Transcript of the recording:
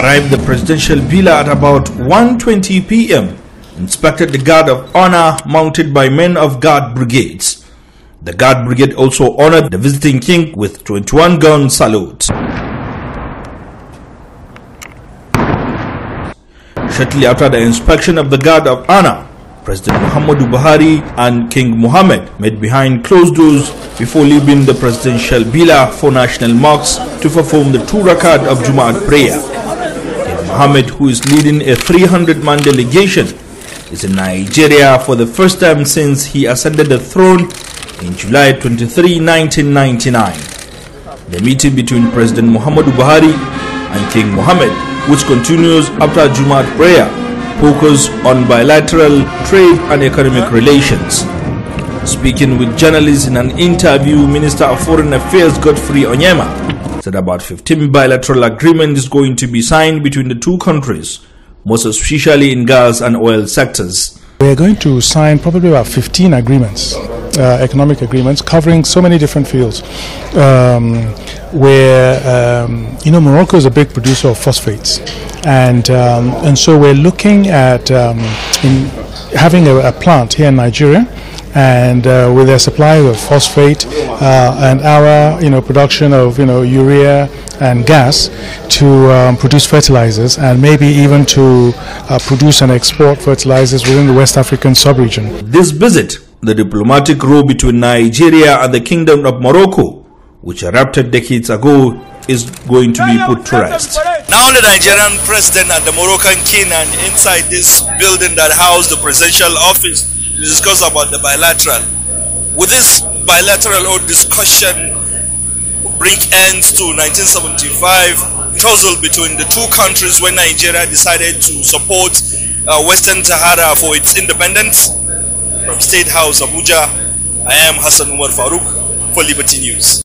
arrived the presidential villa at about 1.20 p.m. inspected the guard of honor mounted by men of guard brigades. The guard brigade also honored the visiting king with 21 gun salute. Shortly after the inspection of the guard of honor, President Muhammadu Buhari and King Mohammed met behind closed doors before leaving the presidential villa for national mosques to perform the two rakat of Jumu'at prayer. Mohammed, who is leading a 300 man delegation, is in Nigeria for the first time since he ascended the throne in July 23, 1999. The meeting between President Muhammadu Buhari and King Mohammed, which continues after Jumat prayer, focuses on bilateral trade and economic relations. Speaking with journalists in an interview, Minister of Foreign Affairs Godfrey Onyema that about 15 bilateral agreements is going to be signed between the two countries, most especially in gas and oil sectors. We're going to sign probably about 15 agreements, uh, economic agreements, covering so many different fields. Um, where, um, you know, Morocco is a big producer of phosphates. And, um, and so we're looking at um, having a, a plant here in Nigeria and uh, with their supply of phosphate uh, and our you know production of you know urea and gas to um, produce fertilizers and maybe even to uh, produce and export fertilizers within the West African subregion. This visit, the diplomatic row between Nigeria and the Kingdom of Morocco, which erupted decades ago, is going to be put to rest. Now the Nigerian president and the Moroccan king and inside this building that housed the presidential office discuss about the bilateral. With this bilateral or discussion bring ends to 1975 tussle between the two countries when Nigeria decided to support uh, Western Sahara for its independence? From State House Abuja, I am Hassan Umar Farouk for Liberty News.